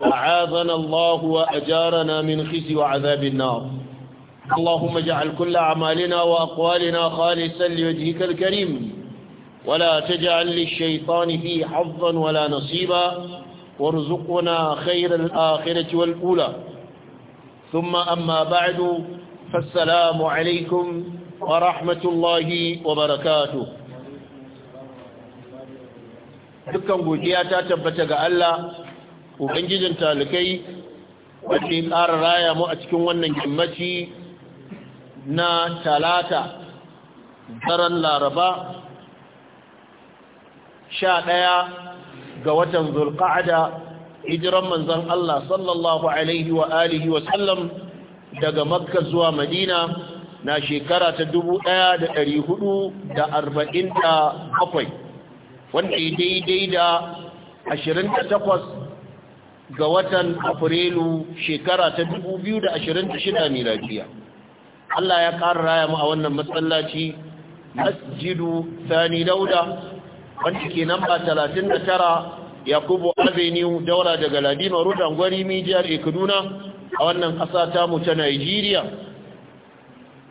وعاذنا الله وأجارنا من خزي وعذاب النار اللهم اجعل كل أعمالنا وأقوالنا خالصا لوجهك الكريم ولا تجعل للشيطان فيه حظا ولا نصيبا وارزقنا خير الآخرة والأولى ثم أما بعد فالسلام عليكم ورحمة الله وبركاته dukkan godiya ta tabbata ga Allah ubangijin talikai wanda ya ƙara raya mu a cikin wannan gimmaci na talata daren laraba sha ɗaya ga watan zulƙa'ada hijiran manzan Allah sallallahu alaihi wa alihi wa sallam daga makka zuwa madina na shekara ta bakwai, wanda ya daidai da takwas. ga watan afrilu shekara ta 2026 miladiya Allah ya ƙara raya mu a wannan matsalaci masjidu sani dauda wanda ke namba 39 yakubu avenue daura daga ladima rudan gwari mijiyar kaduna a wannan ƙasa tamu ta nigeria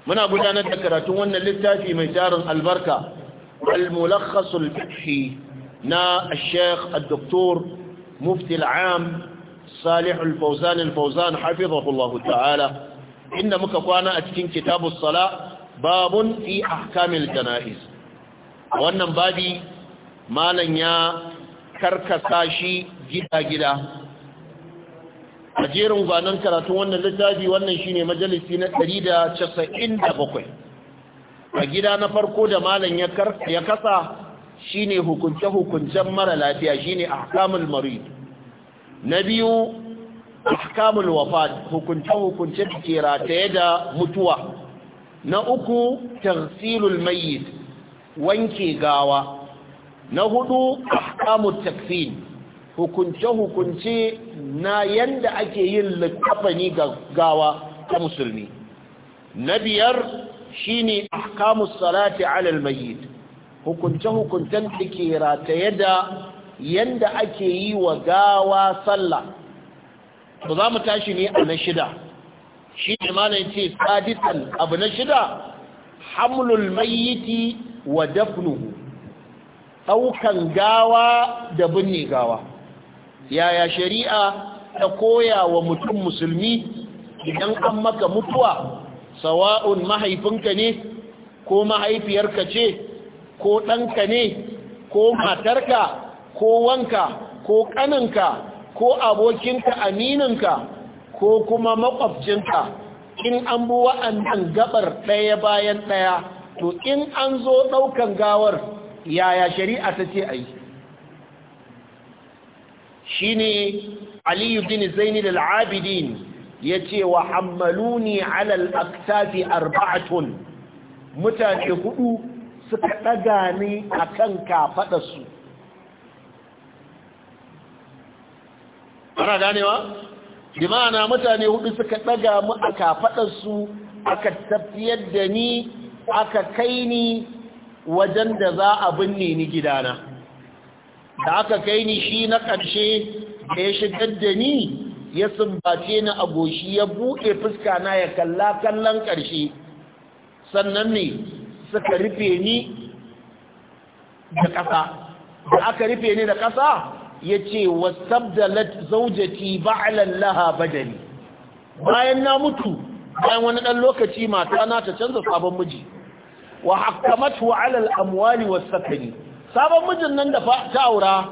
muna gudanar da karatun wannan littafi mai tarin albarka al-mulakhasul fiqhi na al-sheikh al-doktor mufti al-am صالح الفوزان الفوزان حفظه الله تعالى إن مكفانا أتكين كتاب الصلاة باب في أحكام الجنائز وأن بادي ما لن يا كركساشي جدا جدا a jerin gwanon karatun wannan littafi wannan shine majalisi na 197 a gida na farko da malam ya kasa shine hukunce-hukuncen mara lafiya shine ahkamul marid na biyu ahkamul wafat hukunce hukunce da ke rataye da mutuwa na uku tagsilul mayyit wanke gawa na hudu ahkamut takfin hukunce hukunce na yanda ake yin likafani ga gawa ta musulmi na biyar shine ahkamus salati alal mayyit hukunce hukuncen da ke rataye da yanda ake yi wa gawa sallah to za mu tashi ne a na shida shi ne na ce sadisan abu na shida hamlul mayyiti wa dafnuhu ɗaukan gawa da binne gawa yaya shari'a ta koya wa mutum musulmi idan an maka mutuwa sawa'un mahaifinka ne ko mahaifiyarka ce ko ɗanka ne ko matarka ko wanka ko kaninka ko abokinka amininka ko kuma makwabcinka in an bi wa'annan gabar ɗaya bayan ɗaya to in an zo ɗaukan gawar yaya shari'a ta ce a yi shi ne aliyu bin zaini da al'abidin ya ce wa hammaluni alal aktafi arba'atun mutane hudu suka ɗaga ni a kan su. ana ganewa bi ma'ana mutane hudu suka daga mu a kafadarsu aka tafiyar da ni aka kai ni wajen da za a binne ni gidana da aka kai ni shi na ƙarshe da ya shigar da ni ya sumbace ni a goshi ya buɗe fuska na ya kalla kallon ƙarshe sannan ne suka rufe ni da ƙasa da aka rufe ni da ƙasa ya ce wasabdalat zaujati ba'lan laha badali bayan na mutu bayan wani dan lokaci mata na ta canza sabon miji wa hakamatu ala al-amwali was-sakani sabon mijin nan da ta aura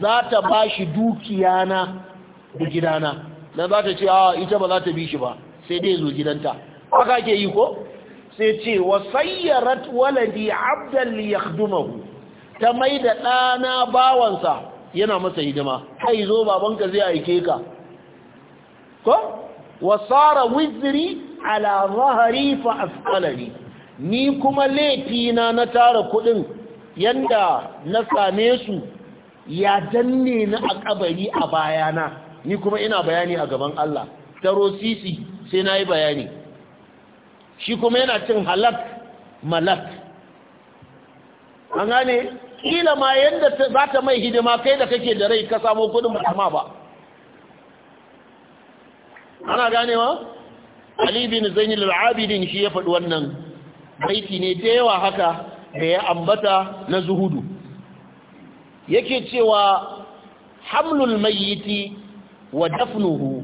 za ta bashi dukiya na da gidana dan za ta ce a ah, ita ba za ta bi shi ba sai dai zo gidanta haka ke yi ko sai ce wa waladi abdan li yakhdumahu ta maida dana bawansa yana masa hidima kai zo babanka zai aike ka ko wasara wizri ala zahari fa asqalani ni kuma laifi na na tara kudin yanda na same su ya danne ni a kabari a bayana ni kuma ina bayani a gaban Allah taro sisi sai nayi bayani shi kuma yana cin halak malak an gane kila ma yanda za ta mai hidima kai da kake da rai ka samu kudin ba ba ana ganewa Ali bin Zainul Abidin shi ya faɗi wannan baiti ne da yawa haka da ya ambata na zuhudu yake cewa hamlul mayyiti wa dafnuhu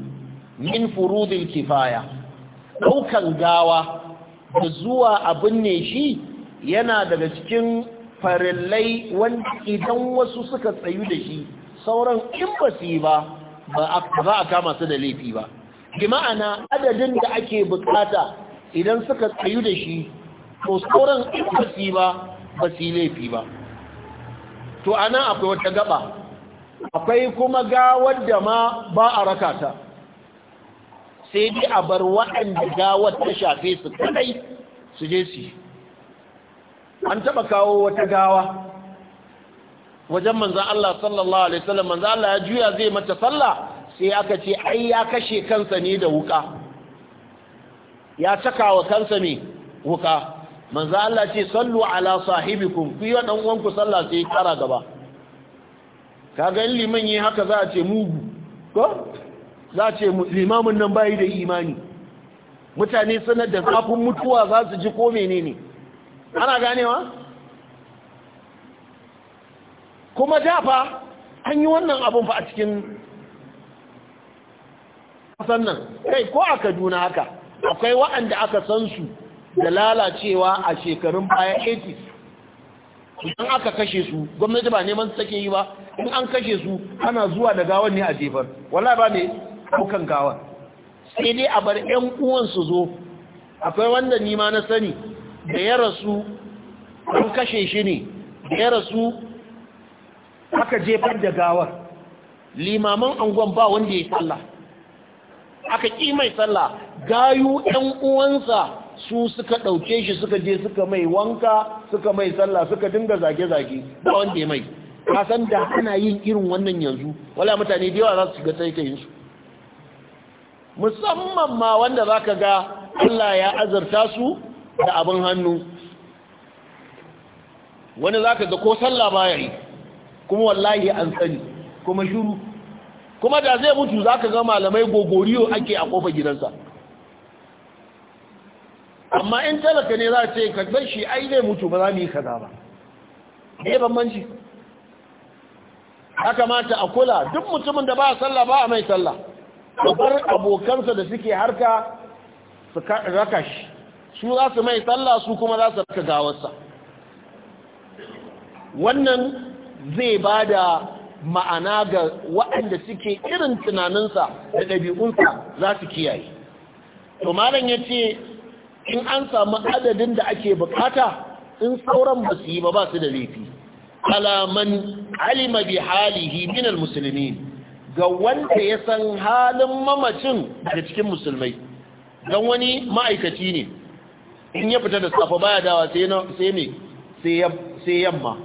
min furudil kifaya daukan gawa da zuwa abin ne shi yana daga cikin farillai wanda idan wasu suka tsayu da shi sauran in ba su yi ba ba a kama su da laifi ba gima'ana ma'ana adadin da ake bukata idan suka tsayu da shi to sauran in ba su yi ba ba su yi laifi ba to ana akwai wata gaba akwai kuma gawar da ma ba a raka ta sai dai a bar waɗanda gawar ta shafe su kadai su je su yi an taɓa kawo wata gawa wajen manzan Allah sallallahu Alaihi wasallam manzan Allah ya juya zai mata sallah sai aka ce ai ya kashe kansa ne da wuka ya caka wa kansa ne wuka manzan Allah ce sallu ala sahibikun ku yi wa uwanku sallah sai kara gaba Ka in liman yi haka za a ce mugu ko za a ce limamin nan bayi da imani mutane sanar da zafin mutuwa za su ji ko menene ne ana ganewa kuma dafa an yi wannan abun fa a cikin kasan nan kai ko a kaduna haka akwai wa'anda aka san su da lalacewa a shekarun baya 80 idan aka kashe su gwamnati ba neman take yi ba in an kashe su ana zuwa da gawan ne a jefar wala ba ne ɗaukan gawar? sai dai a bar 'yan uwansu zo akwai wanda nima na sani da ya rasu an kashe shi ne da ya rasu aka jefar da gawar limaman angon ba wanda ya sallah aka ƙi mai sallah gayu ɗan uwansa su suka ɗauke shi suka je suka mai wanka suka mai sallah suka dinga zage-zage ba wanda ya mai kasan da ana yin irin wannan yanzu wala mutane da yawa za su shiga su musamman ma wanda za ka ga Allah ya azarta su da abin hannu wani za ka ga ko sallah baya yi kuma wallahi an sani kuma shuru kuma da zai mutu za ka ga malamai gogoriyo ake a kofa gidansa amma in talaka ne za a ce karbar shi ai zai mutu ba za mu yi kaza ba ne bambanci ya kamata a kula duk mutumin da ba a sallah ba a mai sallah babbar abokansa da suke harka su raka shi su za su mai sallah su kuma za su raka gawarsa wannan zai ba da ma'ana ga waɗanda suke irin tunaninsa da ɗabi'unsa za su kiyaye to malam ya ce in an samu adadin da ake bukata in sauran ba su yi ba ba su da laifi alaman alima bi halihi minal musulmi ga wanda ya san halin mamacin daga cikin musulmai don wani ma'aikaci ne in ya fita da safa baya dawa sai na sai me sai yamma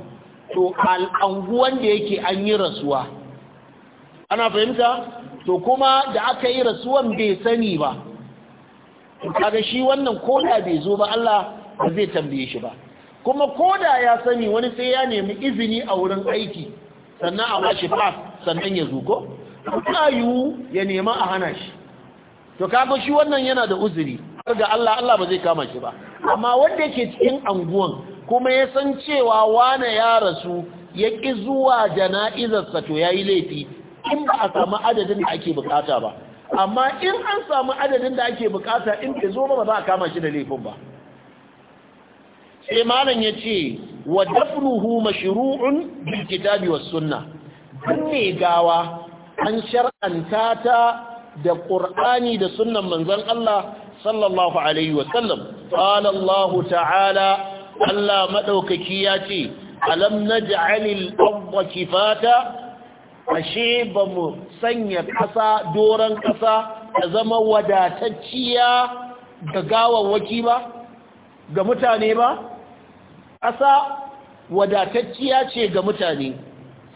to al'anguwan da yake an yi rasuwa ana fahimta to kuma da aka yi rasuwan bai sani ba kaga shi wannan koda bai zo ba Allah ba zai tambaye shi ba kuma koda ya sani wani sai ya nemi izini a wurin aiki sannan a bashi pass sannan ya zo ko ta yiwu ya nema a hana shi to kaga shi wannan yana da uzuri ga Allah Allah ba zai kama shi ba amma wanda yake cikin anguwan kuma ya san cewa wane ya rasu ya ƙi zuwa jana'izarsa to ya yi laifi in ba a samu adadin da ake bukata ba amma in an samu adadin da ake bukata in ke zo ba ba za a kama shi da laifin ba sai malam ya ce wa dafnuhu mashru'un bil kitabi was sunna binne gawa an shar'anta ta da qur'ani da sunnan manzon Allah sallallahu alaihi wasallam qala Allah ta'ala Allah madaukaki ya ce alam naj'alil arda kifata ashe bamu sanya kasa doran kasa ta zama wadatacciya ga gawawwaki ba ga mutane ba kasa wadatacciya ce ga mutane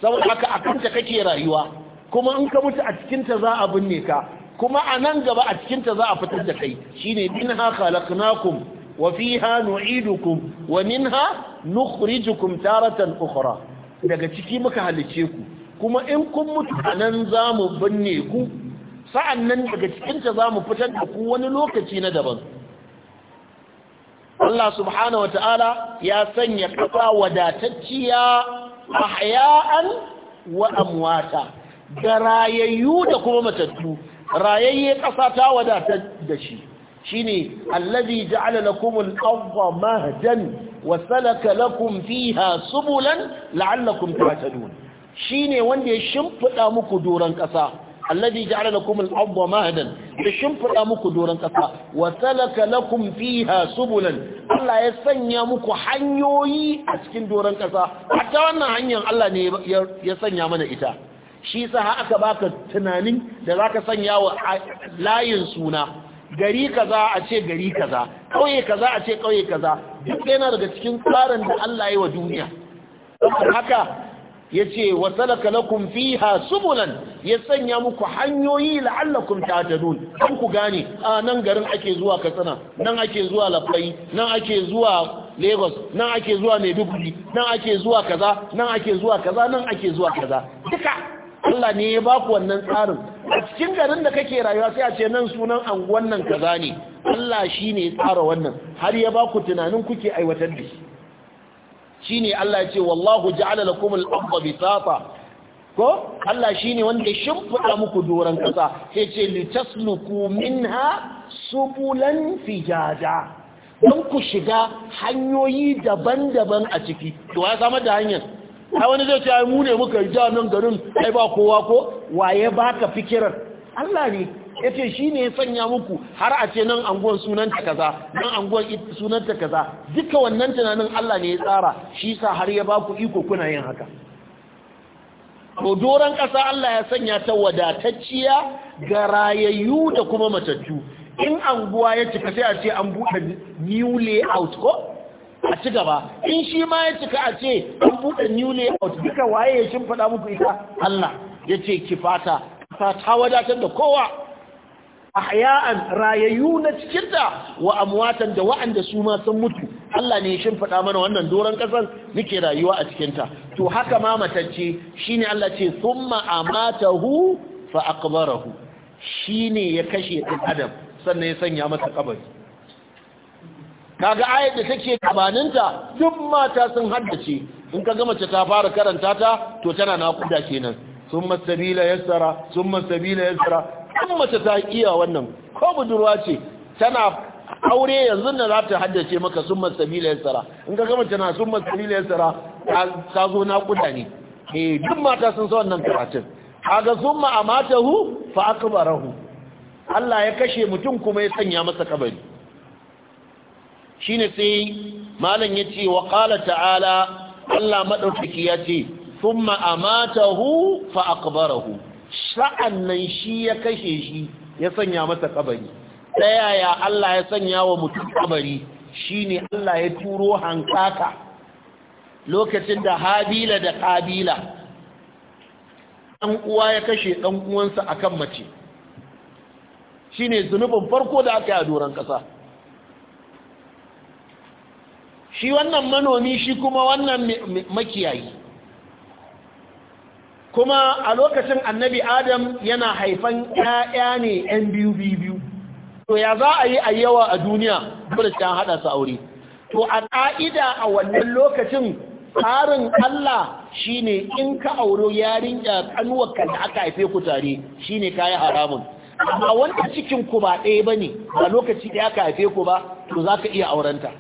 saboda haka akanta kake rayuwa kuma in ka mutu a cikinta za a binne ka kuma a nan gaba a cikinta za a fitar da kai shine minha khalaqnakum wa fiha nu'idukum wa minha nukhrijukum taratan ukhra daga ciki muka halice ku kuma in kun mutu a nan za mu binne ku nan daga cikinta za mu fitar da ku wani lokaci na daban Allah subhanahu ta'ala ya sanya kasa wadatacciya ahya'an wa da rayayyu da kuma matattu rayayye ƙasa ta wadata da shi shine allazi ja'ala lakum al-ardha mahdan wa salaka lakum fiha subulan la'allakum tahtadun shine wanda ya shimfida muku doran ƙasa allazi ja'ala lakum al-ardha mahdan ya shimfida muku doran ƙasa wa salaka lakum fiha subulan Allah ya sanya muku hanyoyi a cikin doran ƙasa hatta wannan hanyar Allah ne ya sanya mana ita shi sa aka baka tunanin da za ka sanya wa layin suna gari kaza a ce gari kaza ƙauye kaza a ce ƙauye kaza duk yana daga cikin tsarin da Allah ya yi wa duniya haka ya ce wa salaka lakum ha subulan ya sanya muku hanyoyi ta ta tahtadun kun ku gane a nan garin ake zuwa Katsina nan ake zuwa Lafai nan ake zuwa Lagos nan ake zuwa Maiduguri nan ake zuwa kaza nan ake zuwa kaza nan ake zuwa kaza duka Allah ne ya ba ku wannan tsarin a cikin garin da kake rayuwa sai a ce nan sunan anguwan nan kaza ne Allah shi ne ya tsara wannan har ya ba ku tunanin kuke aiwatar da shi shi ne Allah ya ce wallahu ja'ala lakum al-ardha bisata ko Allah shi ne wanda shimfiɗa muku doron kasa? sai ce litasluku minha subulan fijaja don ku shiga hanyoyi daban-daban a ciki to ya samar da hanyar ai wani zai ce ai mu ne muka ja nan garin ai ba kowa ko waye baka fikirar Allah ne yace shi ne ya sanya muku har a ce nan anguwan sunanta kaza nan anguwan sunanta kaza duka wannan tunanin Allah ne ya tsara shi sa har ya baku iko kuna yin haka to doran ƙasa Allah ya sanya ta wadatacciya ga rayayyu da kuma matattu in anguwa ya cika sai a ce an buɗe new layout ko a ci gaba in shi ma ya cika a ce an buɗe new layout duka waye ya faɗa muku ita Allah ya ce ki fata ta wadatar da kowa ahya'an rayayyu na cikinta wa amwatan da wa'anda su ma sun mutu Allah ne ya shimfiɗa mana wannan doron ƙasar muke rayuwa a cikinta to haka ma matacce shine Allah ce thumma amatahu fa aqbarahu shine ya kashe ɗan adam sannan ya sanya masa kabari kaga ayat da take gabaninta duk mata sun haddace in ka ga mace ta fara karanta ta to tana naƙuda kenan summa sabila yassara summa sabila yassara kuma mace ta iya wannan ko budurwa ce tana aure yanzu da za ta haddace maka summa sabila yassara in ka ga mace na summa sabila yassara ta zo naƙuda ne eh duk mata sun san wannan karatun kaga summa amatahu fa akbarahu Allah ya kashe mutum kuma ya sanya masa kabari shine sai malam yace wa qala ta'ala Allah madaukaki yace thumma amatahu fa aqbarahu sa'annan shi ya kashe shi ya sanya masa kabari yaya Allah ya sanya wa mutum kabari shine Allah ya turo hankaka lokacin da Habila da Qabila dan uwa ya kashe dan uwansa akan mace shine zunubin farko da aka yi a doran kasa shi wannan manomi shi kuma wannan makiyayi kuma a lokacin annabi adam yana haifan ƴaƴa ne 'yan biyu biyu to ya za a yi a yawa a duniya dole an haɗa su aure to a ƙa'ida a wannan lokacin tsarin Allah shine in ka auro yarinya kanuwarka da aka haife ku tare shine kaya haramun amma wanda cikin ku ba ɗaya bane a lokaci da aka haife ku ba to zaka iya aurenta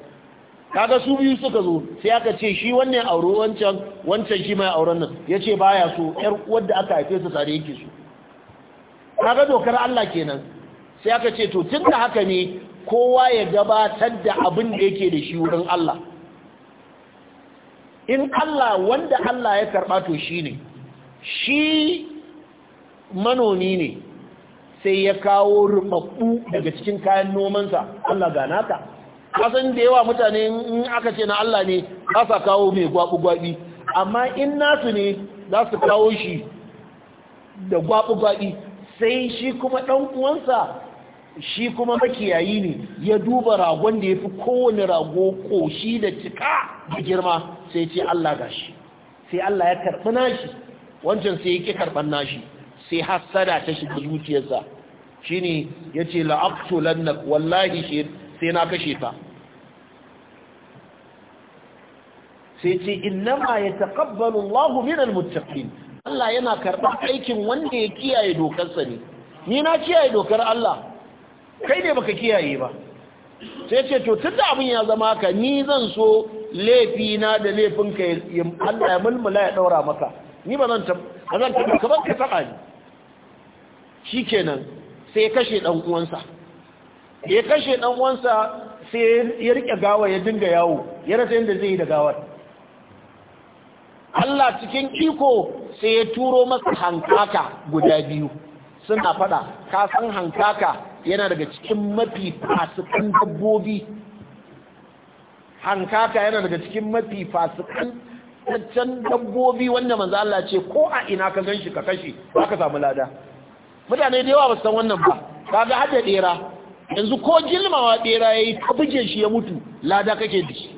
kaga su biyu suka zo sai aka ce shi wannan auro wancan wancan shi mai auren nan yace baya so yar uwar da aka haife su tare yake so kaga dokar Allah kenan sai aka ce to tunda haka ne kowa ya gabatar da abin da yake da shi wurin Allah in Allah wanda Allah ya karba to shine shi manoni ne sai ya kawo rubabbu daga cikin kayan nomansa Allah ga naka kasan da yawa mutane in aka ce na Allah ne za su kawo mai gwabi amma in nasu ne za su kawo shi da gwabi sai shi kuma ɗan uwansa shi kuma makiyayi ne ya duba ragon da ya fi kowane rago ƙoshi da cika da girma sai ce Allah gashi sai Allah ya karɓi nashi wancan sai ya ƙi karɓar nashi sai hassada ta shiga zuciyarsa shine yace la'aqtulannak wallahi shi sai na kashe ta sai ce innama ya taƙabbalin lahu minan Allah yana karɓar aikin wanda ya kiyaye dokarsa ne ni na kiyaye dokar Allah kai ne baka kiyaye ba sai ce to tunda abin ya zama ka ni zan so laifi na da laifin ka Allah ya mulmula ya ɗaura maka ni ba zan ba ka ka taba ni shikenan sai kashe ɗan uwansa ya kashe dan uwansa sai ya rike gawa ya dinga yawo ya rasa yadda zai yi da gawar Allah cikin iko sai ya turo masa hankaka guda biyu suna fada ka san hankaka yana daga cikin mafi fasikan dabbobi hankaka yana daga cikin mafi fasikan dabbobi wanda manzo Allah ce ko a ina ka shi ka kashe ba ka samu lada mutane da yawa ba san wannan ba kaga hada dera yanzu ko gilmawa ya yi ta buge shi ya mutu lada kake da shi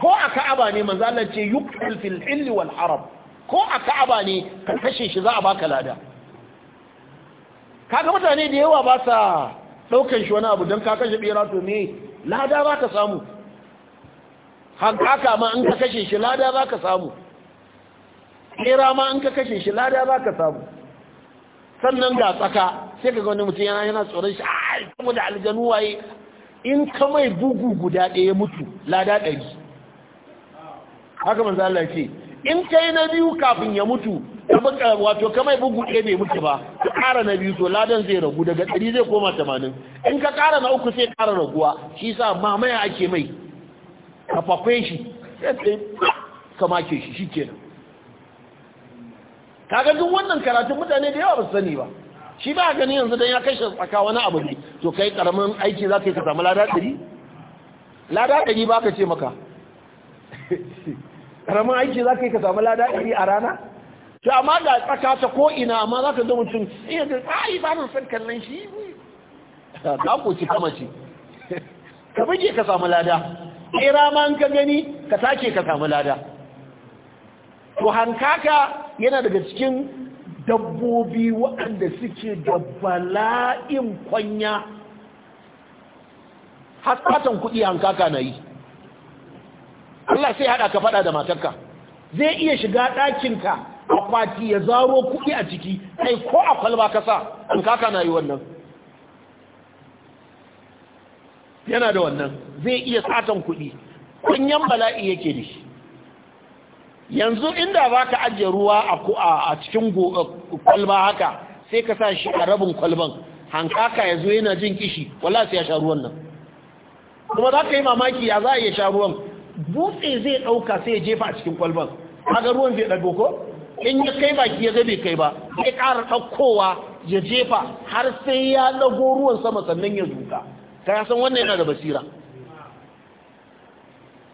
ko a ka'aba ne manzo Allah ce yuqtil fil illi haram. ko a ka'aba ne ka kashe shi za a baka lada kaga mutane da yawa ba sa ɗaukan shi wani abu don ka kashe ɓera to me lada ba ka samu haka ma in ka kashe shi lada ba ka samu bera ma in ka kashe shi lada ba ka samu sannan ga tsaka sai ka wani mutum yana yana tsoron shi a kuma da aljanu waye in ka mai bugu guda ɗaya mutu lada ɗari haka manzo Allah ce in kai na biyu kafin ya mutu wato ka mai bugu ɗaya bai mutu ba ka ƙara na biyu to ladan zai ragu daga ɗari zai koma tamanin in ka ƙara na uku sai ƙara raguwa shi sa mamaya ake mai ka fafe shi sai ka make shi shi kenan kaga duk wannan karatun mutane da yawa ba su sani ba shi ba gani yanzu dan ya kashe tsaka wani abu ne to kai karamin aiki za ka yi ka samu lada ɗari lada ɗari ba ka ce maka karamin aiki za ka yi ka samu lada ɗari a rana to amma ga tsaka ta ko ina amma za ka zo mutum iya eh, a ai ba na son kallon shi ka ko ci kama ci ka bige ka samu lada kira ma ka gani ka take ka samu lada to hankaka yana daga cikin dabbobi waɗanda suke da bala'in kwanya hatsatan kuɗi hankaka na yi Allah sai haɗa ka faɗa da matarka zai iya shiga ɗakinka akwati ya zaro kuɗi a ciki kai ko a kwalba kasa hankaka na yi wannan yana da wannan zai iya satan kuɗi kunyan bala'i yake da shi yanzu inda ba ka ajiye ruwa a cikin kwalba haka sai ka sa shi a rabin kwalban hankaka ya zo yana jin kishi wala sai ya sha ruwan nan kuma za ka yi mamaki ya za a iya sha ruwan dutse zai ɗauka sai ya jefa a cikin kwalban haka ruwan bai ɗago ko in ya kai ba ki ya ga kai ba sai ƙara ɗaukowa ya jefa har sai ya ɗago ruwan sama sannan ya zuka ka san wannan yana da basira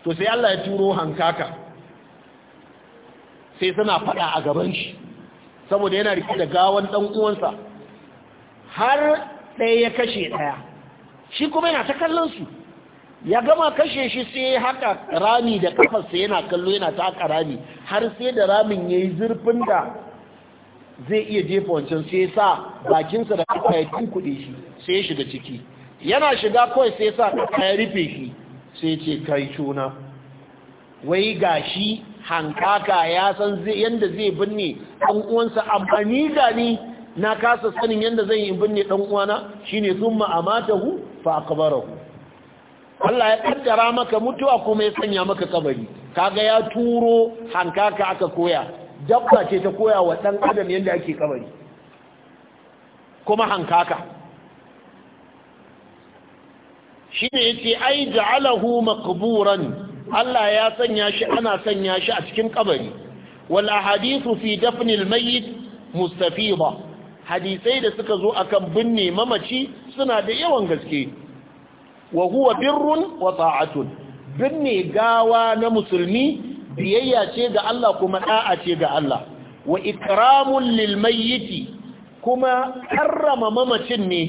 to sai Allah ya turo hankaka sai suna fada a gaban shi saboda yana rike da gawan dan uwansa har ɗaya ya kashe ɗaya shi kuma yana ta kallon su ya gama kashe shi sai ya haka rami da kafarsa yana kallo yana ta haka rami har sai da ramin yayi zurfin da zai iya jefa wancan sai sa bakinsa da kafa ya tunkuɗe shi sai ya shiga ciki yana shiga kawai sai sa kafa ya rufe shi sai ce kai cuna wai gashi hankaka ya san yadda zai binne ɗan uwansa amma ni da ni na kasa sanin yadda zai yi binne ɗan uwana ne sun ma'amata hu fa akabara hu Allah ya ƙaddara maka mutuwa kuma ya sanya maka kabari kaga ya turo hankaka aka koya dabba ce ta koya wa ɗan adam yadda ake kabari kuma hankaka ya ce ai ja'alahu maqburan Allah ya sanya shi ana sanya shi a cikin kabari wal ahadithu fi dafnil mayyit mustafida hadisai da suka zo akan binne mamaci suna da yawan gaske wa huwa birrun wa ta'atun binne gawa na musulmi biyayya ce ga Allah kuma da'a ce ga Allah wa ikramun lil mayyiti kuma karrama mamacin ne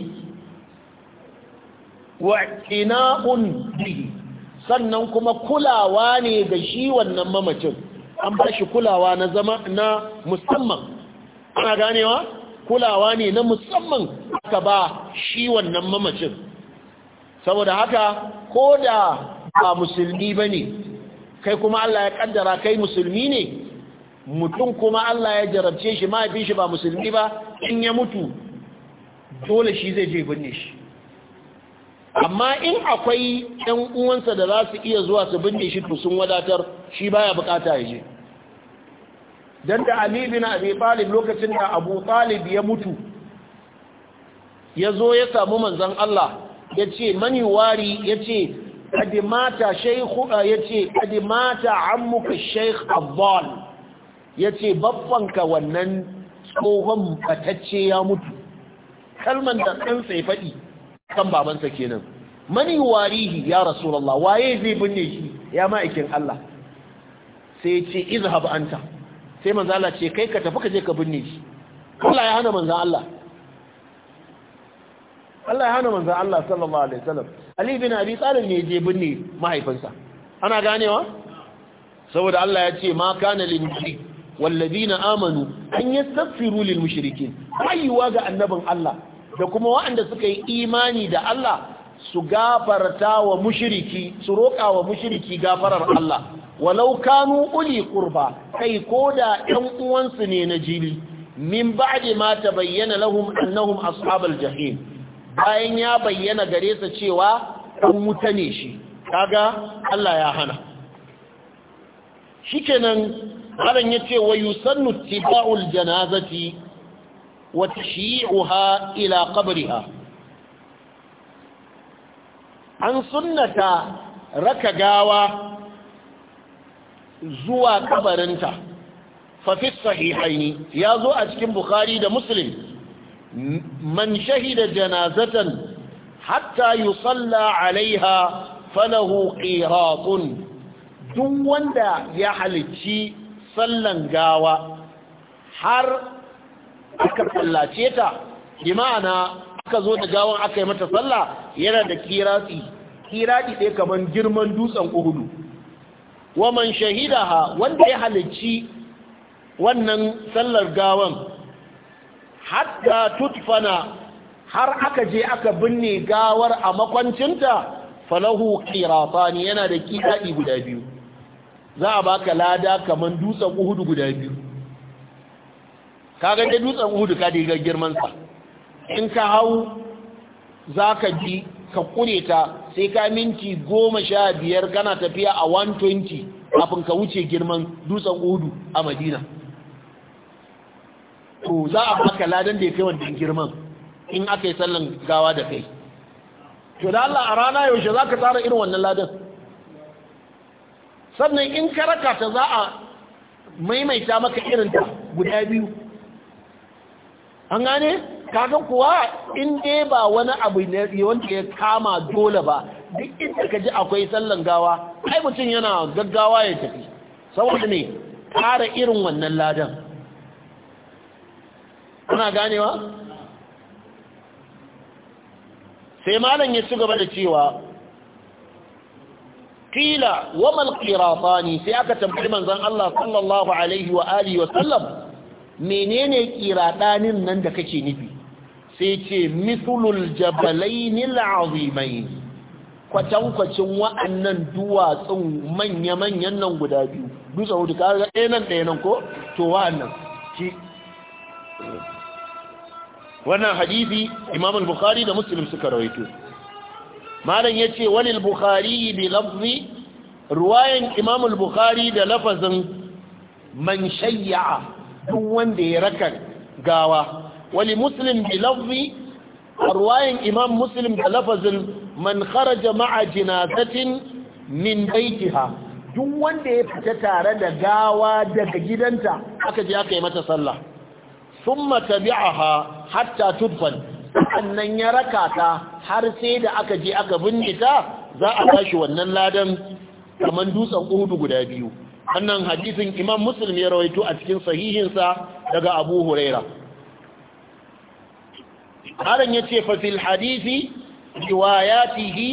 wa qina'un bihi sannan kuma kulawa ne ga shi wannan mamacin an ba shi kulawa na zama na musamman ana ganewa kulawa ne na musamman aka ba shi wannan mamacin saboda haka ko da ba musulmi ba ne kai kuma Allah ya kaddara kai musulmi ne mutum kuma Allah ya jarabce shi mahaifin shi ba musulmi ba in ya mutu dole shi zai je binne shi amma in akwai ɗan uwansa da za su iya zuwa su binne shi to sun wadatar shi baya bukata ya je dan da Ali bin Abi Talib lokacin da Abu Talib ya mutu ya zo ya samu manzon Allah ya ce mani wari ya ce kadimata shaykhu ya ce kadimata ammuka shaykh Abdul ya ce babbanka wannan tsohon batacce ya mutu kalman da ɗansa ya faɗi kan babansa kenan mani warihi ya rasulullah waye zai binne shi ya ma'aikin Allah sai ya ce izhab anta sai manzo Allah ce kai ka tafi ka je ka binne shi Allah ya hana manzo Allah Allah ya hana manzo Allah sallallahu alaihi wasallam Ali bin Abi Talib ne je binne mahaifinsa ana ganewa saboda Allah ya ce ma kana lil mushrik wal ladina amanu an yastaghfiru lil mushrikin ayyuwa ga annabin Allah da kuma waɗanda suka yi imani da Allah su gafarta wa mushiriki su roƙa wa mushiriki gafarar Allah walau kanu uli kurba kai ko da ɗan uwansu ne na jili min ba'di ma bayyana lahum annahum ashabal jahim bayan ya bayyana gare sa cewa an wuta ne shi kaga Allah ya hana shikenan haran yace wa yusannu tiba'ul janazati wa tashyi'uha ila qabriha an sunnata raka gawa zuwa kabarinta fa fi Ya zo a cikin bukhari da muslim man shahida janazatan hatta yusalla alaiha falahu qiratun duk wanda ya halicci sallan gawa har aka tsallace ta bi ma'ana aka zo da gawan aka yi mata sallah yana da kirati kirati ɗaya kamar girman dutsen uhudu wa man shahidaha wanda ya halicci wannan sallar gawan hatta tutfana har aka je aka binne gawar a makwancinta falahu qiratani yana da kirati guda biyu za a baka lada kaman dutsen uhudu guda biyu ka ga dutsen uhudu ka diga girman sa in ka hau zaka ji ka kure ta sai ka minti goma sha biyar kana tafiya a 120 kafin ka wuce girman dutsen uhudu a madina to za a baka ladan da ya kai wannan girman in aka yi sallan gawa da kai to da Allah a rana yaushe za ka tsara irin wannan ladan sannan in ka raka ta za a maimaita maka irin ta guda biyu an gane kakan kuwa in dai ba wani abu ne wanda ya kama dole ba duk inda ka ji akwai sallan gawa ai mutum yana gaggawa ya tafi saboda ne kara irin wannan ladan kuna ganewa sai malam ya ci gaba da cewa kila wa mal qiratani sai aka tambayi manzan Allah sallallahu alaihi wa alihi wa sallam menene kiradanin nan da kake nufi sai ce mithlul jabalaini al'azimain kwatankwacin wa'annan duwatsun manya-manyan nan guda biyu dutsen hudu ga ɗaya nan ɗaya nan ko to wa'annan shi wannan hadisi imam al-bukhari da muslim suka rawaito malam yace walil bukhari bi lafzi ruwayan imam al-bukhari da lafazin man shayya duk wanda ya raka gawa wali muslim bi lafzi arwayin imam muslim da lafazin man kharaja ma'a jinazatin min baitiha duk wanda ya fita tare da gawa daga gidanta aka je aka yi mata sallah thumma tabi'aha hatta tudfan sannan ya raka ta har sai da aka je aka binne ta za a tashi wannan ladan kaman dutsen uhudu guda biyu wannan hadisin imam muslim ya rawaito a cikin sahihinsa daga abu huraira haran ya ce fafil hadisi riwayatihi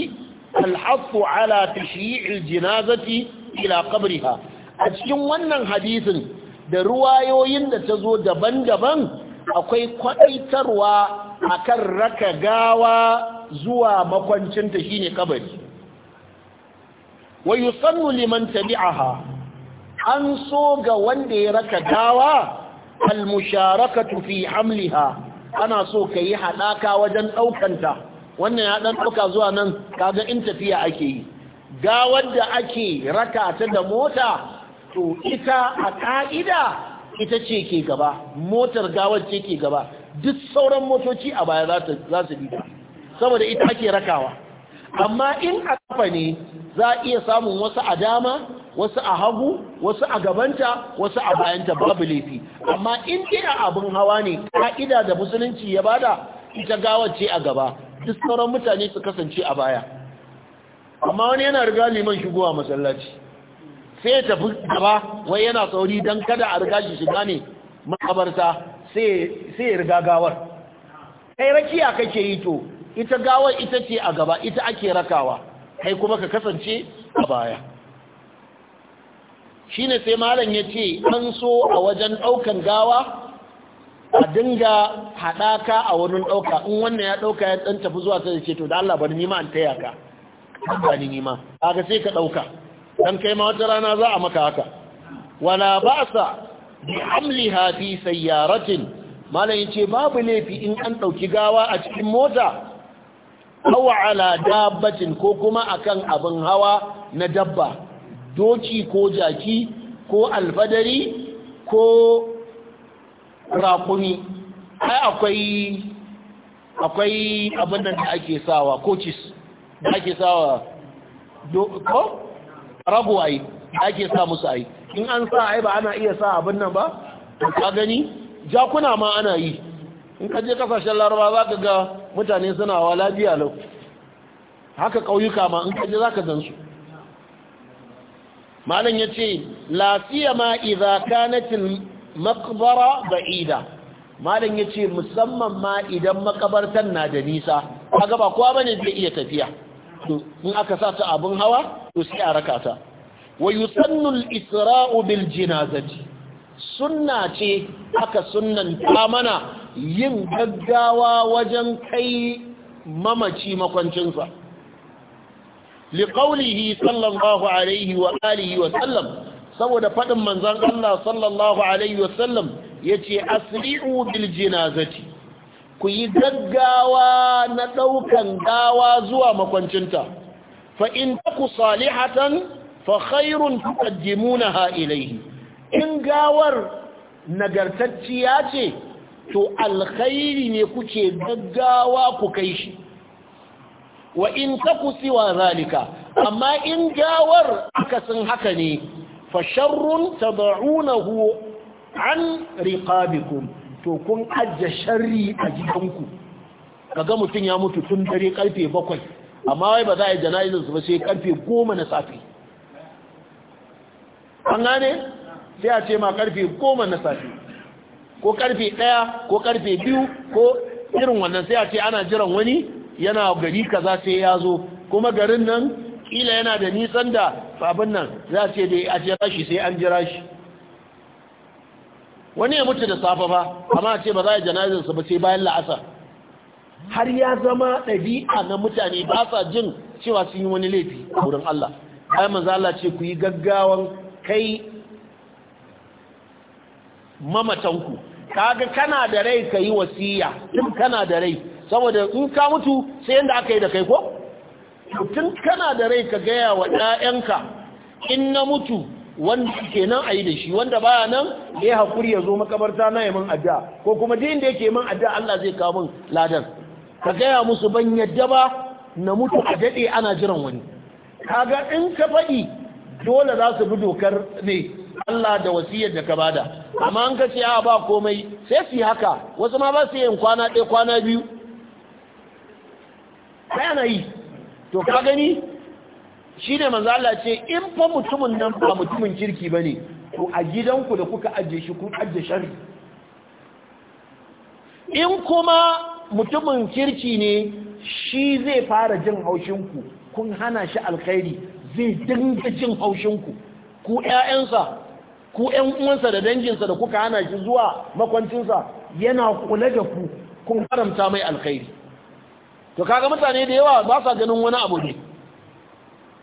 alhassu ala tashyi'il jinazati ila qabriha a cikin wannan hadisin da ruwayoyin da ta zo daban-daban akwai a akan raka gawa zuwa makwancinta shine kabari wa yusannu liman tabi'aha an so ga wanda ya raka gawa almusharakatu fi hamliha ana so ka yi haɗaka wajen ɗaukanta wannan ya ɗan dauka zuwa nan kaga in tafiya ake yi gawar da ake raka ta da mota to ita a ka'ida ita ce ke gaba motar gawar ce ke gaba duk sauran motoci a baya za su bi saboda ita ake rakawa amma in a kafa ne za a iya samun wasu a dama wasu a hagu wasu a gabanta wasu a bayanta babu laifi amma in dai abin hawa ne ka'ida da musulunci ya bada ita gawar ce a gaba duk sauran mutane su kasance a baya amma wani yana riga liman shigowa masallaci sai ya tafi gaba wai yana sauri don kada a riga shi shiga ne makabarta sai ya riga gawar kai rakiya kake yi to ita gawar ita ce a gaba ita ake rakawa kai kuma ka kasance a baya shi ne sai malam ya ce an so a wajen ɗaukan gawa a dinga haɗaka a wani ɗauka in wannan ya ɗauka ya ɗan tafi zuwa sai ce to da Allah ni ma an taya ka ba ni ma haka sai ka ɗauka dan kai ma wata rana za a maka haka wala ba'sa bi amliha fi sayyaratin malam ce babu laifi in an ɗauki gawa a cikin mota hawa ala dabbatin ko kuma akan abin hawa na dabba doki ko jaki ko alfadari ko raƙumi ai akwai akwai abin da ake sawa coaches da ake sawa ko rabu ai ake sa musu ai in an sa ai ba ana iya sa abin nan ba ka gani jakuna ma ana yi in ka je kasashen laraba za ka ga mutane suna wa lafiya lau haka ƙauyuka ma in kaji za ka zan su malin ya ce lafiya ma iza kanatin makabara ba'ida malin ya ce musamman ma idan makabartan na da nisa a gaba kuwa bane zai iya tafiya in aka sa ta abin hawa to sai a raka ta wa yusannu al-isra'u bil sunna ce aka sunnan ta mana yin gaggawa wajen kai mamaci makwancinsa liƙaunihi sallallahu alaihi wa alihi wa sallam saboda faɗin manzan Allah sallallahu alaihi wa sallam ya ce asri'u bil ku yi gaggawa na ɗaukan gawa zuwa makwancinta fa in taku salihatan fa khairun tuqaddimunaha ilayhi in gawar nagartacciya ce to alkhairi ne kuke gaggawa ku kai shi wa in taku siwa zalika amma in gawar akasin haka ne fa sharrun tad'unahu an riqabikum to kun ajja sharri a gidanku kaga mutun ya mutu tun dare karfe 7 amma wai ba za a yi jana'izar su ba sai karfe 10 na safe an gane sai a ce ma karfe 10 na safe ko karfe ɗaya ko karfe biyu ko irin wannan sai a ce ana jiran wani yana gari kaza sai ya zo kuma garin nan ƙila yana da nisan da abin nan za ce da a jira shi sai an jira shi wani ya mutu da safe ba amma ce ba za a janazin ba sai bayan la'asa. har ya zama ɗabi'a na mutane ba sa jin cewa sun yi wani laifi a wurin Allah ai manzo Allah ce ku yi gaggawan kai mamatanku kaga kana da rai ka yi wasiya tun kana da rai saboda in ka mutu sai yadda aka yi da kai ko tun kana da rai ka gaya wa ɗayanka in na mutu wanda ke nan a yi da shi wanda baya nan ya haƙuri ya zo makabarta na yamin adda ko kuma din da yake min adda Allah zai kawo min ladan ka gaya musu ban yadda ba na mutu a daɗe ana jiran wani kaga in ka faɗi dole za su bi dokar ne Allah da wasiyar da ka bada amma an ka a ba komai sai su haka wasu ma ba su yin kwana ɗaya kwana biyu bayana yi to ka gani shi ne manzala ce in fa mutumin nan ba mutumin kirki ba ne to a gidanku da kuka ajiye shi kun ajiye shari in kuma mutumin kirki ne shi zai fara jin haushinku kun hana shi alkhairi zai dinga jin haushinku ku 'ya'yansa ku ƴan uwansa da danginsa da kuka hana shi zuwa makwancinsa yana kula da ku kun haramta mai alkhairi to kaga mutane da yawa ba sa ganin wani abu ne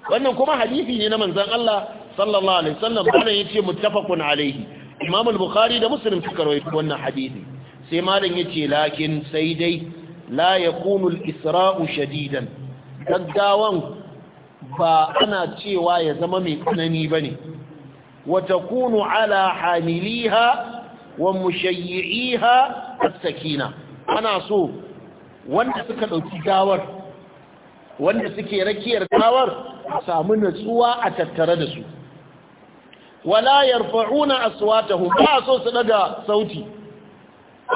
wannan kuma hadisi ne na manzon Allah sallallahu alaihi wasallam wannan yace muttafaqun alaihi Imam al-Bukhari da Muslim suka rawaito wannan hadisi sai malam yace lakin sai dai la yakunu al-isra'u shadidan gaggawan ba ana cewa ya zama mai tsanani bane وتكون على حامليها ومشيعيها السكينة أنا أصوب wanda suka ɗauki gawar wanda suke rakiyar gawar a samu nutsuwa a tattare da su wala yarfa'una aswatahum ba so su daga sauti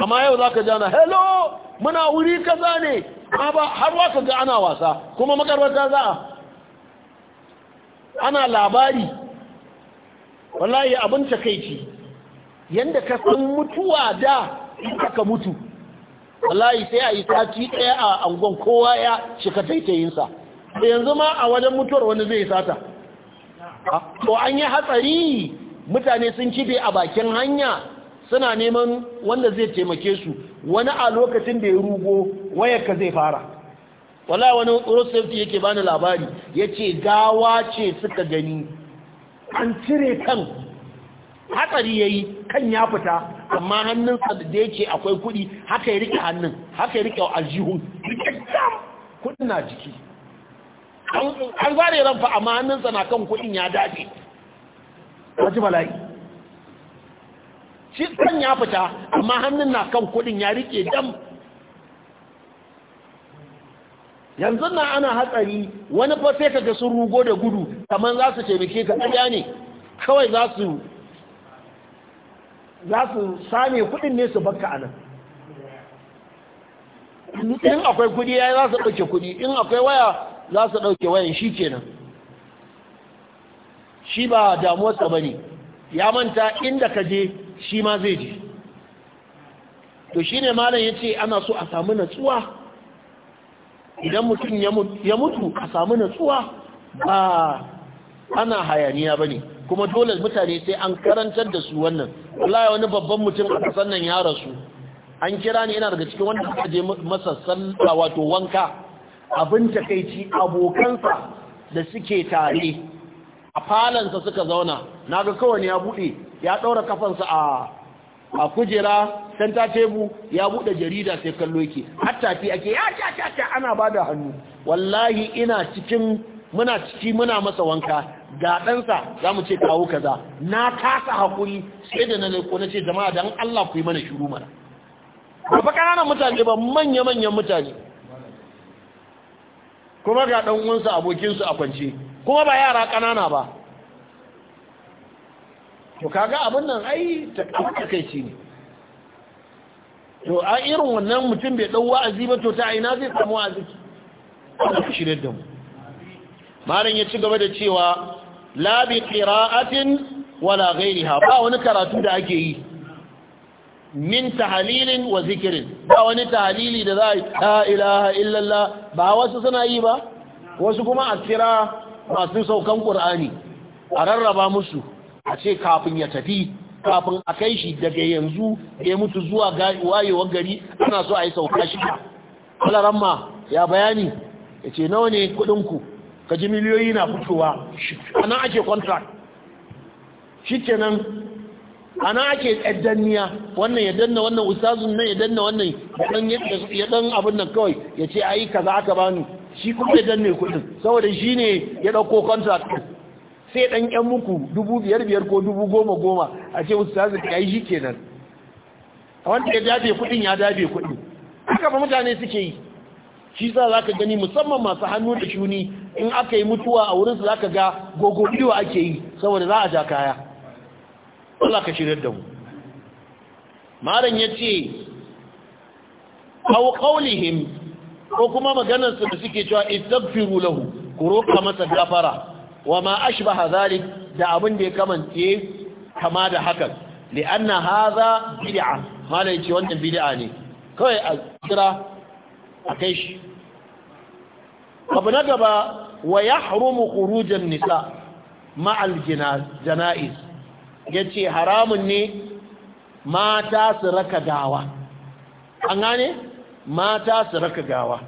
amma yau zaka ji ana hello muna wuri kaza ne ba har ka ga ana wasa kuma makarwata za a ana labari wallahi abin takaici yadda ka san mutuwa da ita ka mutu wallahi sai a yi sati ɗaya a angon kowa ya shika taitayinsa yanzu ma a wajen mutuwar wani zai sata ah. to an yi hatsari mutane sun kibe a bakin hanya suna neman wanda zai taimake su wani a lokacin da ya rugo ka zai fara wallahi wani road safety yake bani labari yace gawa ce suka gani an cire kan hatsari ya yi kan ya fita amma hannunsa da yake akwai kudi haka ya rike hannun haka ya rike aljihun kudin na jiki an zare ranfa amma hannunsa na kan kudin ya dace wajen bala'i shi kan ya fita amma hannun na kan kudin ya rike dam yanzu na ana hatsari wani fa sai ga sun rugo da gudu kamar za su taimake ka ne kawai za su za su same kuɗin ne su a anan in akwai kuɗi ya za su ɗauke kuɗi in akwai waya za su ɗauke wayan shi kenan shi ba damuwarsa ba ne ya manta inda ka je shi ma zai je to shi ne malam ya ce ana so a samu natsuwa idan mutum ya mutu a samu natsuwa ba ana hayaniya ba ne kuma dole mutane sai an karantar da su wannan wallahi wani babban mutum a kasan nan ya rasu an kira ni yana daga cikin wanda suka je masa sallah wato wanka abin takaici abokansa da suke tare a falansa suka zauna naga kawai ya bude ya daura kafansa a a kujera santa tebu ya bude jarida sai kallo yake hatta fi ake ya ta ta ta ana bada hannu wallahi ina cikin muna ciki muna masa wanka ga ɗansa sa zamu ce kawo kaza na kasa hakuri. sai da na ko na ce jama'a dan Allah ku yi mana shiru mana ba fa mutane ba manya-manyan mutane kuma ga ɗan abokin abokinsu a kwance kuma ba yara kanana ba to kaga abin nan ai ta kai ne to a irin wannan mutum bai ɗau wa'azi ba to ta ina zai samu wa'azi Allah shirye da mu malam ya ci gaba da cewa la bi qira'atin wala ghayriha ba wani karatu da ake yi min tahlilin wa zikrin ba wani tahlili da za a yi la ilaha illallah ba wasu suna yi ba wasu kuma a kira masu saukan qur'ani a rarraba musu a ce kafin ya tafi kafin a kai shi daga yanzu ya mutu zuwa wayewar gari ana so a yi sauka shi kula ramma. ya bayani ya ce nawa ne kudinku ka ji miliyoyi na fitowa a nan ake contract shi kenan a nan ake tsaddanniya wannan ya danna wannan ustazun nan ya danna wannan ya dan abin nan kawai ya ce a yi kaza aka bani shi kuma ya danne kudin saboda shi ne ya ɗauko contract sai dan yan muku dubu biyar biyar ko dubu goma goma a ce ustaz ka yi shi kenan a wanda ya dabe kudin ya dabe kudi haka ba mutane suke yi shi sa ka gani musamman masu hannu da shuni in aka yi mutuwa a wurinsu su ka ga gogo biyo ake yi saboda za a ja kaya Allah ka shirar da mu ya ce aw kaulihim, ko kuma maganarsu da suke cewa istaghfiru lahu ku roƙa masa gafara wa ma ashbaha zalik da abin da ya kamance kama da hakan li'anna hadha bid'a mala yace wannan bid'a ne kai a kira a kai shi abu na gaba wa yahrumu khurujan nisa ma'al janaiz yace haramun ne mata su raka gawa an gane mata su raka gawa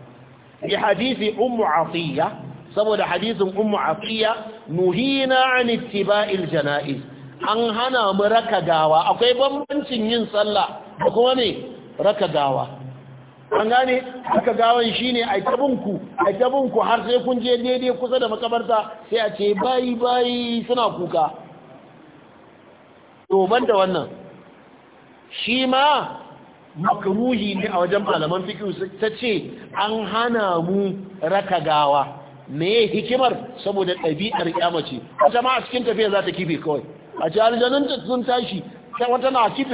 bi hadisi ummu atiya saboda hadisin ummu afiya nuhina an ittiba'il janaiz an hana mu raka gawa akwai bambancin yin sallah da kuma ne raka gawa an gane raka gawan shine a tabunku a tabunku har sai kun je daidai kusa da makabarta sai a ce bayi bayi suna kuka to banda wannan shi ma makruhi ne a wajen malaman fiqh ta ce an hana mu raka gawa me hikimar saboda ɗabi'ar kyamace wata ma a cikin tafiya za ta kife kawai a ci sun tashi wata na kife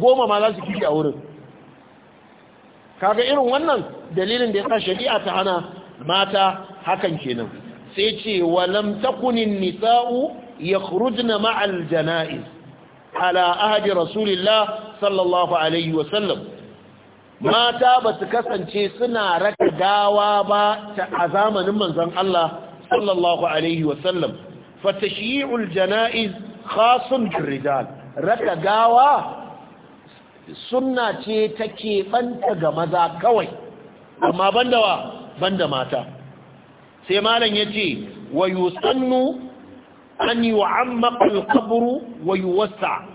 goma ma za su kife a wurin kaga irin wannan dalilin da ya sa shari'a ta hana mata hakan kenan sai ce walam takunin nisa'u yakhrujna ma'al jana'iz ala ahdi rasulillah sallallahu alaihi wa sallam mata ba su kasance suna raka dawa ba a zamanin manzan Allah sallallahu alaihi wasallam fatashyi'ul janaiz khasun birrijal raka gawa sunna ce ta keɓanta ga maza kawai amma banda wa banda mata sai malam ya ce, wa sannu? an yi yu'ammaqa al-qabru wa yuwassa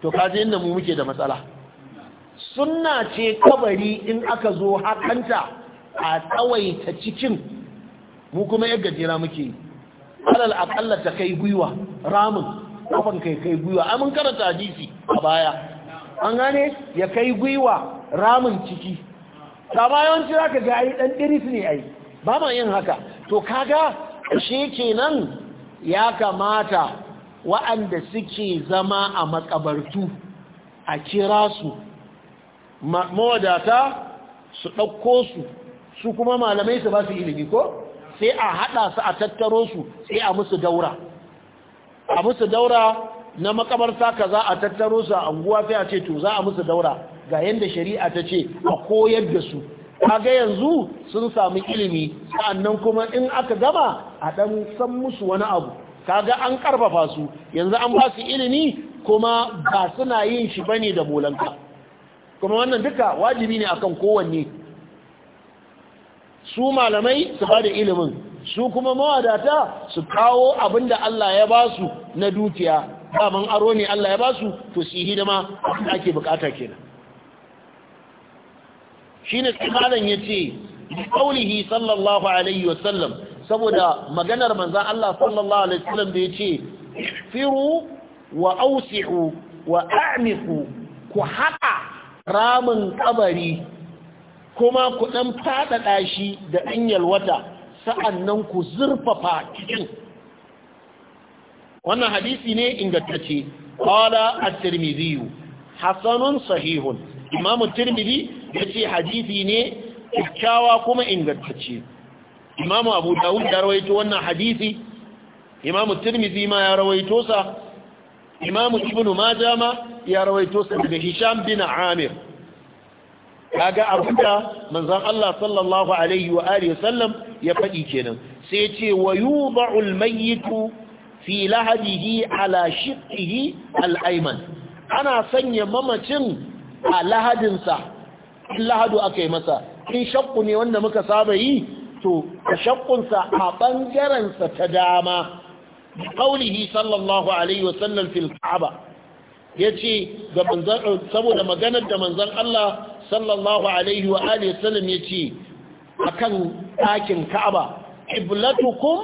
to kaje yadda mu muke da matsala sunna ce kabari in aka zo hakanta a tsawaita cikin mu kuma yadda jira muke alal aƙalla ta kai gwiwa ramin kafan kai kai gwiwa amin karanta hadisi a baya an gane ya kai gwiwa ramin ciki ta yawanci za ka ga ai ɗan ɗiris ne ai ba ma yin haka to kaga shi kenan ya kamata wa'anda suke zama a makabartu a kira su mawadata su ɗauko su su kuma malamai su ba su ilimi ko sai a hada su a tattaro su sai a musu daura a musu daura na makabarta kaza a tattaro su a unguwa sai a ce to za a musu daura ga yanda shari'a ta ce a koyar da su kaga yanzu sun samu ilimi sannan kuma in aka gama a dan san musu wani abu kaga an karfafa su yanzu an ba su ilimi kuma ba suna yin shi bane da bolanka kuma wannan duka wajibi ne akan kowanne su malamai su bada ilimin su kuma mawadata su kawo abin da Allah ya ba su na dukiya daman aro ne Allah ya ba su to su yi hidima da ake bukata kenan shi ne tsakanin ya ce ƙaunihi sallallahu alaihi wasallam saboda maganar manzan Allah sallallahu alaihi wasallam da ya ce firu wa ausihu wa amiku ku haƙa ramin kabari kuma ku ɗan faɗaɗa shi da ɗan yalwata sa'an nan ku zurfafa cikin wannan hadisi ne ingantacce ƙwada a tirmidhiyu Hassanun sahihun imamun tirmidhi ya ce hadisi ne kyakkyawa kuma ingantacce imamu abu dawud ya rawaito wannan hadisi imamu tirmidhi ma ya rawaito sa imamu Ibn majama ya rawaito sa daga hisham bin amir kaga abinda manzon Allah sallallahu alaihi wa alihi sallam ya faɗi kenan sai ce wa yudha'u al-mayyitu fi lahadihi ala shiqqihi ana sanya mamacin a lahadin sa lahadu akai masa in shakku ne wanda muka saba yi to shakkun sa a bangaren sa ta dama qaulihi sallallahu alaihi wa sallam fil ka'aba yace ga manzon saboda maganar da manzon Allah sallallahu alaihi wa alihi wasallam yace akan ɗakin Ka'aba iblatukum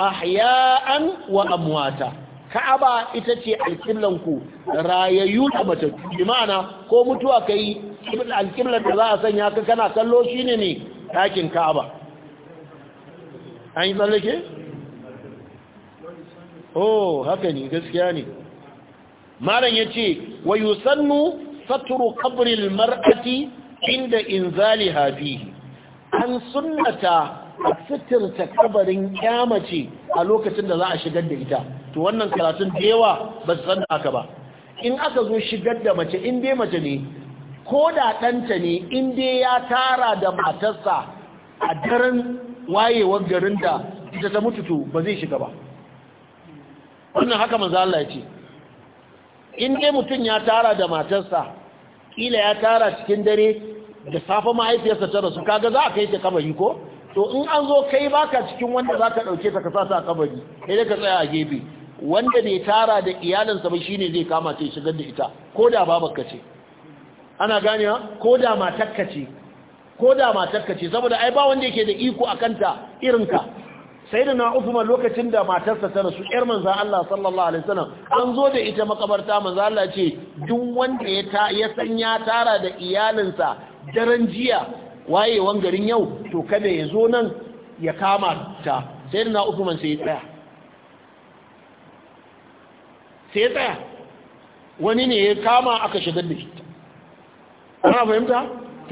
ahya'an wa amwata Ka'aba ita ce alƙiblanku rayayyu da matattu bi ma'ana ko mutuwa kai alkibla da za a sanya ka kana kallo shine ne ɗakin Ka'aba an yi tsallake? oh haka ne gaskiya ne malam ya ce wa yusannu satru qabri almar'ati inda inzaliha fihi an sunnata sitirta kabarin kyamace a lokacin da za a shigar da ita to wannan karatun da yawa ba su san aka ba in aka zo shigar da mace in dai mace ne ko da ɗanta ne in dai ya tara da matarsa a daren wayewar garin da ita ta mutu ba zai shiga ba wannan haka manzo Allah ya ce in dai mutum ya tara da matarsa kila ya tara cikin dare da safe mahaifiyarsa ta rasu kaga za a kai ta kabari ko to in an zo kai baka cikin wanda za ka ɗauke ta ka sa a kabari sai dai ka tsaya a gefe wanda bai tara da iyalinsa ba shine zai kama ta shigar da ita ko da babarka ce ana gane ko da ka ce ko da ka ce saboda ai ba wanda yake da iko a kanta irinka sai da na Uthman lokacin da matarsa ta rasu ƴar manzan Allah sallallahu alaihi wasallam an zo da ita makabarta manzan Allah ce duk wanda ya san ya tara da iyalinsa daren jiya wayewan garin yau to kada ya zo nan ya kama ta sai da na Uthman sai ya tsaya sai ya tsaya wani ne ya kama aka shigar da shi ana fahimta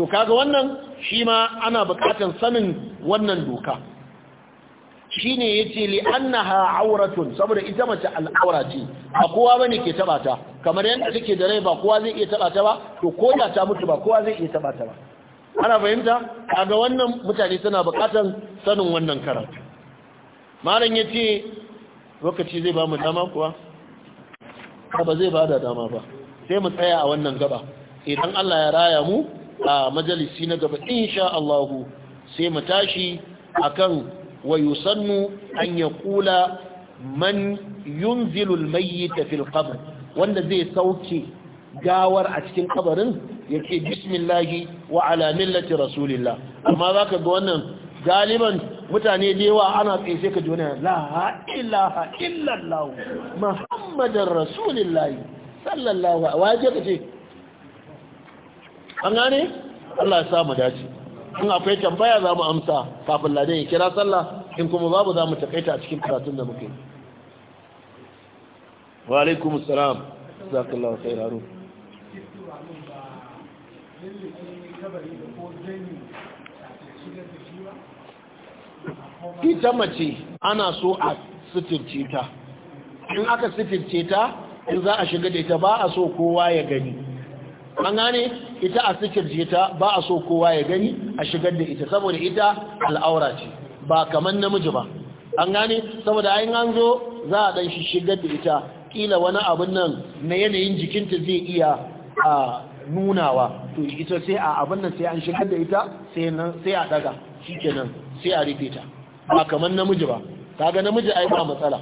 to kaga wannan shi ma ana bukatar sanin wannan doka Shi ne ya yace li'an na auratun saboda ita mace al'aura ce a kowa bane ke taba ta kamar yadda take da rai ba kowa zai iya taba ta ba to ko da ta mutu ba kowa zai iya taba ta ba ana fahimta ga wannan mutane suna bukatan sanin wannan karatu malam yace lokaci zai ba mu dama kuwa ba zai ba da dama ba sai mu tsaya a wannan gaba idan Allah ya raya mu a majalisi na gaba insha Allahu, sai mu tashi akan ويسن أن يقول من ينزل الميت في القبر وأن ذي صوتي gawar a cikin kabarin yake bismillahi wa ala millati rasulillah amma zaka ga wannan galiban mutane da yawa ana tsaye ka ji wani la ilaha illallah muhammadar rasulillah sallallahu alaihi wa sallam an gane Allah ya samu daji. in akwai tambaya za mu amsa kafin ladan ya kira sallah in kuma babu za mu takaita a cikin karatun da muke wa alaikum salam zakallahu khairu ita mace ana so a sitirce ta in aka sitirce ta in za a shiga da ita ba a so kowa ya gani an gane ita a sikirce ta ba a so kowa ya gani a shigar da ita saboda ita al'aura ce ba kamar namiji ba an gane saboda ayin an zo za a dan shi shigar da ita kila wani abin nan na yanayin jikinta zai iya a nunawa to ita sai a abin nan sai an shigar da ita sai a daga shikenan sai a rufe ta ba kamar namiji ba kaga namiji ai ba matsala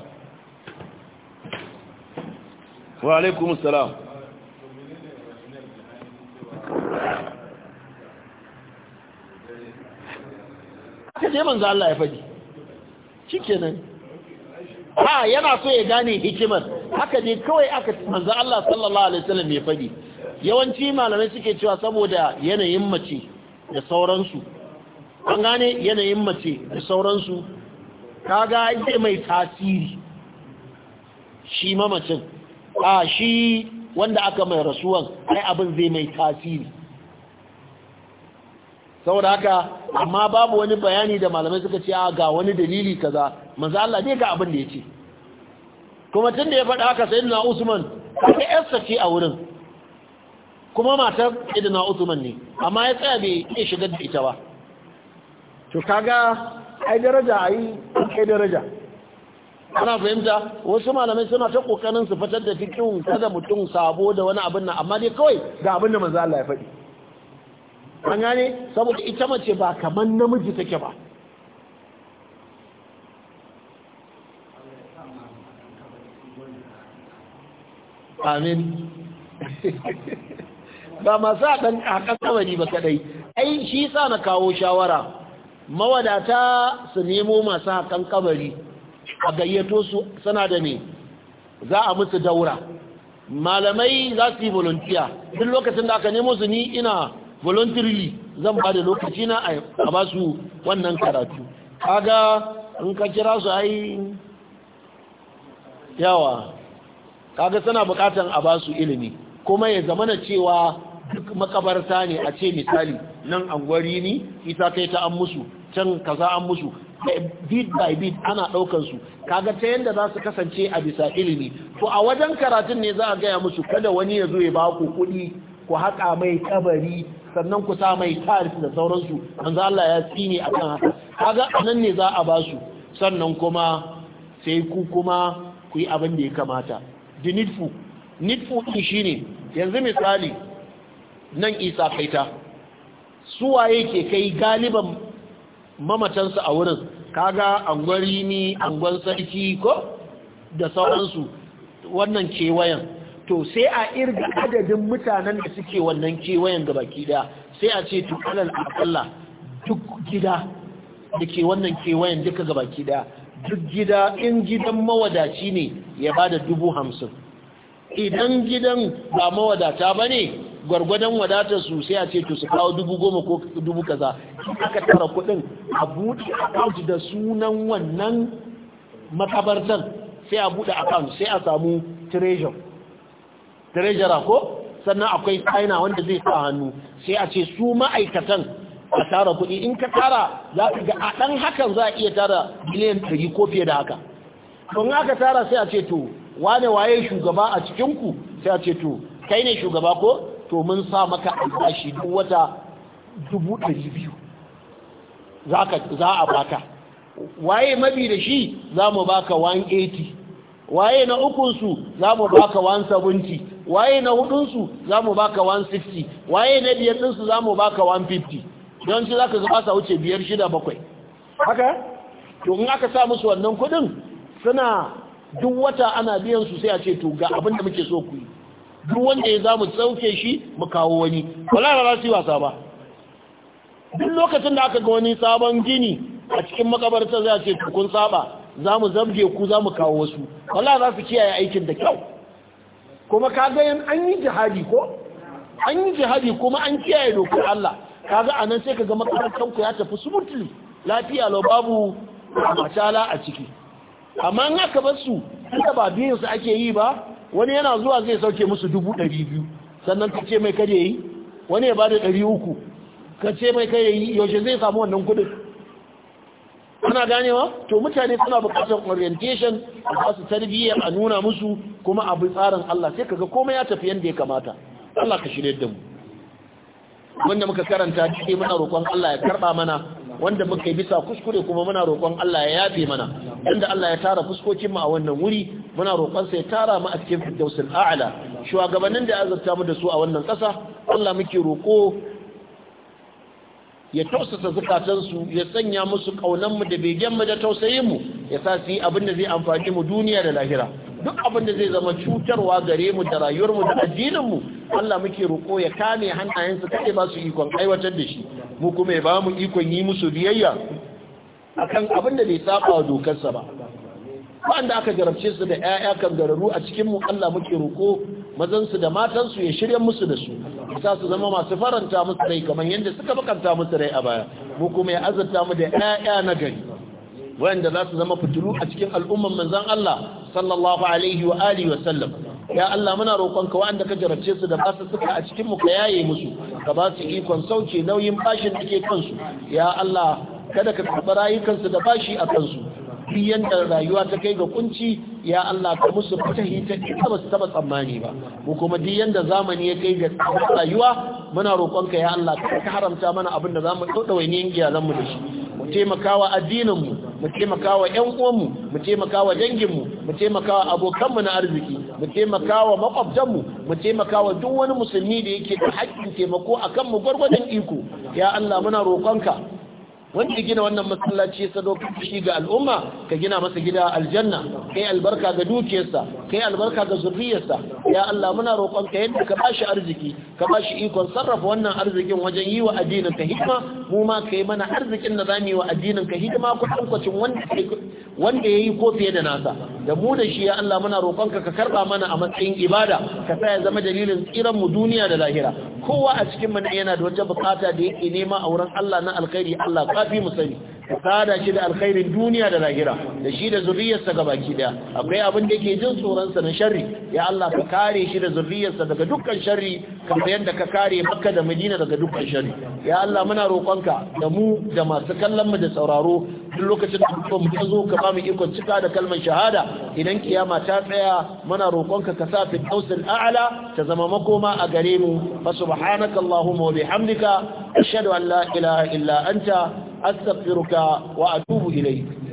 wa alaikumus salam aka sai manzo Allah ya faɗi shikenan ha yana so ya gane hikimar haka ne kawai aka manzo Allah sallallahu alaihi wasallam ya faɗi yawanci malamai suke cewa saboda yanayin mace da sauransu an gane yanayin mace da sauransu kaga ai mai tasiri shi mamacin a shi wanda aka mai rasuwan ai abin zai mai tasiri saboda haka amma babu wani bayani da malamai suka ce ga wani dalili kaza manzo Allah ne ga abin da yake kuma tunda ya faɗa haka sayyidina Usman sai yarsa ce a wurin kuma matar sayyidina Usman ne amma ya tsaya bai iya shigar da ita ba to kaga ai daraja ai kai daraja ana fahimta wasu malamai suna ta kokarin su fitar da fikin kada mutum sabo da wani abin nan amma dai kawai ga abin da manzo Allah ya faɗi an gane saboda ita mace ba kamar namiji take ba amin ba masu haɗan haƙaƙawari ba kaɗai ai shi sa na kawo shawara mawadata su nemo masu haƙan kabari a gayyato su suna da ne za a musu daura malamai za su yi volunteer duk lokacin da aka nemo su ni ina voluntarily zan ba da lokaci na a ba su wannan karatu kaga in ka kira su ai yawa kaga suna bukatan a ba su ilimi kuma ya zamana cewa duk makabarta ne a ce misali nan angwari ne ita kai ta an musu can kaza an musu bit by bit ana daukan su kaga ta yanda za su kasance a bisa ilimi to a wajen karatun ne za a gaya musu kada wani ya zo ya ba ku kuɗi ku haƙa mai kabari sannan ku sa mai tarif da sauransu za Allah ya tsine akan haka kaga nan ne za a ba su sannan kuma sai ku kuma ku yi abin da ya kamata the needful needful din ne. yanzu misali nan isa kaita waye ke kai galiban mamatansu a wurin kaga angwari ni angon sarki ko da sauransu wannan kewayen to sai a irga adadin mutanen da suke wannan kewayen ga baki daya sai a ce tukalar akalla duk gida da ke wannan kewayen duka ga baki daya duk gida in gidan mawadaci ne ya ba da dubu hamsin idan gidan ba mawadata ba ne gwargwadon wadatar su sai a ce to su kawo dubu goma ko dubu kaza aka tara kudin a buɗe akaunt da sunan wannan makabartar sai a buɗe akaunt sai a samu treasure treasurer ko sannan akwai china wanda zai sa hannu sai a ce su ma'aikatan a tara kuɗi in ka tara za ka ga a ɗan hakan za a iya tara miliyan ɗari ko fiye da haka don aka tara sai a ce to wane waye shugaba a cikinku sai a ce to kai ne shugaba ko to mun sa maka albashi duk wata dubu ɗari biyu za a baka waye mabi da shi za mu baka 180 waye na ukunsu za mu baka 170 waye na hudunsu za mu baka 160 waye na biyar ɗinsu za mu baka 150 don shi za ka ga sa wuce biyar shida bakwai haka to in aka sa musu wannan kudin suna duk wata ana biyan su sai a ce to ga abin da muke so ku yi duk wanda ya za mu tsauke shi mu kawo wani wala ba su wasa ba duk lokacin da aka ga wani sabon gini a cikin makabarta za a ce kun saba za mu zabge ku za mu kawo wasu wala za su kiyaye aikin da kyau kuma kaga yan an yi jihadi ko an yi jihadi kuma an kiyaye dokar Allah kaga anan sai kaga makarantar ku ya tafi smoothly lafiya lau babu mashala a ciki amma an aka bar su inda ba biyan su ake yi ba wani yana zuwa zai sauke musu dubu ɗari biyu sannan ka ce mai kare yi wani ya bada ɗari uku ka ce mai kare yi yaushe zai samu wannan kuɗin ana ganewa to mutane suna bukatar orientation a basu tarbiyya a nuna musu kuma abu tsarin Allah sai kaga komai ya tafi yanda ya kamata Allah ka shirye da mu wanda muka karanta dai muna roƙon Allah ya karba mana wanda muka yi bisa kuskure kuma muna roƙon Allah ya yafe mana inda Allah ya tara fuskokin mu a wannan wuri muna roƙon sa ya tara mu a cikin firdausul a'la shugabannin da ya azurta mu da su a wannan ƙasa Allah muke roƙo ya tausasa zukatansu ya sanya musu kaunanmu da begenmu da tausayinmu ya sa su yi abin da zai amfani mu duniya da lahira duk abin da zai zama cutarwa gare mu da rayuwarmu da addininmu Allah muke roƙo ya kame hannayensu kaɗai ba su ikon aiwatar da shi mu kuma ya ba mu ikon yi musu biyayya akan abin da bai saba dokarsa ba wanda aka jarabce su da 'ya'ya kangararru a cikin mu Allah muke roko mazansu da matansu ya shirya musu da su sa su zama masu faranta musu rai kamar yadda suka bakanta musu rai a baya mu kuma ya azurta mu da 'ya'ya na gari wanda za su zama fitilu a cikin al'umman manzon Allah sallallahu alaihi wa alihi wa sallam ya Allah muna ka wanda ka jarabce su da basu suka a cikin mu ka yaye musu ka ba su ikon sauke nauyin bashin da ke kansu ya Allah kada ka karɓi rayukansu da bashi a kansu duk yadda rayuwa ta kai ga kunci ya Allah ka musu fatahi ta ita ba su taba tsammani ba mu kuma duk yadda zamani ya kai ga rayuwa muna roƙonka ya Allah ka haramta mana abin da zamu daudawa ne iyalan mu da shi mu taimakawa addinin mu mu taimakawa ƴan uwan mu mu taimakawa dangin mu mu taimakawa abokan mu na arziki mu taimakawa makwabtan mu mu taimakawa duk wani musulmi da yake da haƙƙin taimako akan mu gwargwadon iko ya Allah muna roƙonka wanda ya gina wannan masallaci ya sadaukar shi ga al'umma ka gina masa gida aljanna kai albarka ga dukiyarsa kai albarka ga zurriyarsa ya Allah muna roƙon ka yadda ka bashi arziki ka bashi ikon sarrafa wannan arzikin wajen yi wa addinin ka hidima mu ma kai mana arzikin da zamu yi wa addinin ka hidima ku tankacin wanda ya yayi ko fiye da nasa da mu da shi ya Allah muna roƙon ka ka karba mana a matsayin ibada ka sa ya zama dalilin tsiran mu duniya da lahira kowa a cikin mu yana da wata bukata da yake nema a wurin Allah na alkhairi Allah ya fi mu sani kada shi da alkhairin duniya da lahira da shi da zuriyarsa ga baki daya akwai abin da yake jin tsoronsa na sharri ya Allah ka kare shi da zuriyarsa daga dukkan sharri kamar yadda ka kare Makka da Madina daga dukkan sharri ya Allah muna roƙonka da mu da masu kallon mu da sauraro duk lokacin da mutum mu zo ka ba mu ikon cika da kalmar shahada idan kiyama ta tsaya muna roƙonka ka sa fi tausil a'la ta zama makoma a gare mu fa subhanakallahumma wa bihamdika ashhadu an la ilaha illa anta أستغفرك وأتوب إليك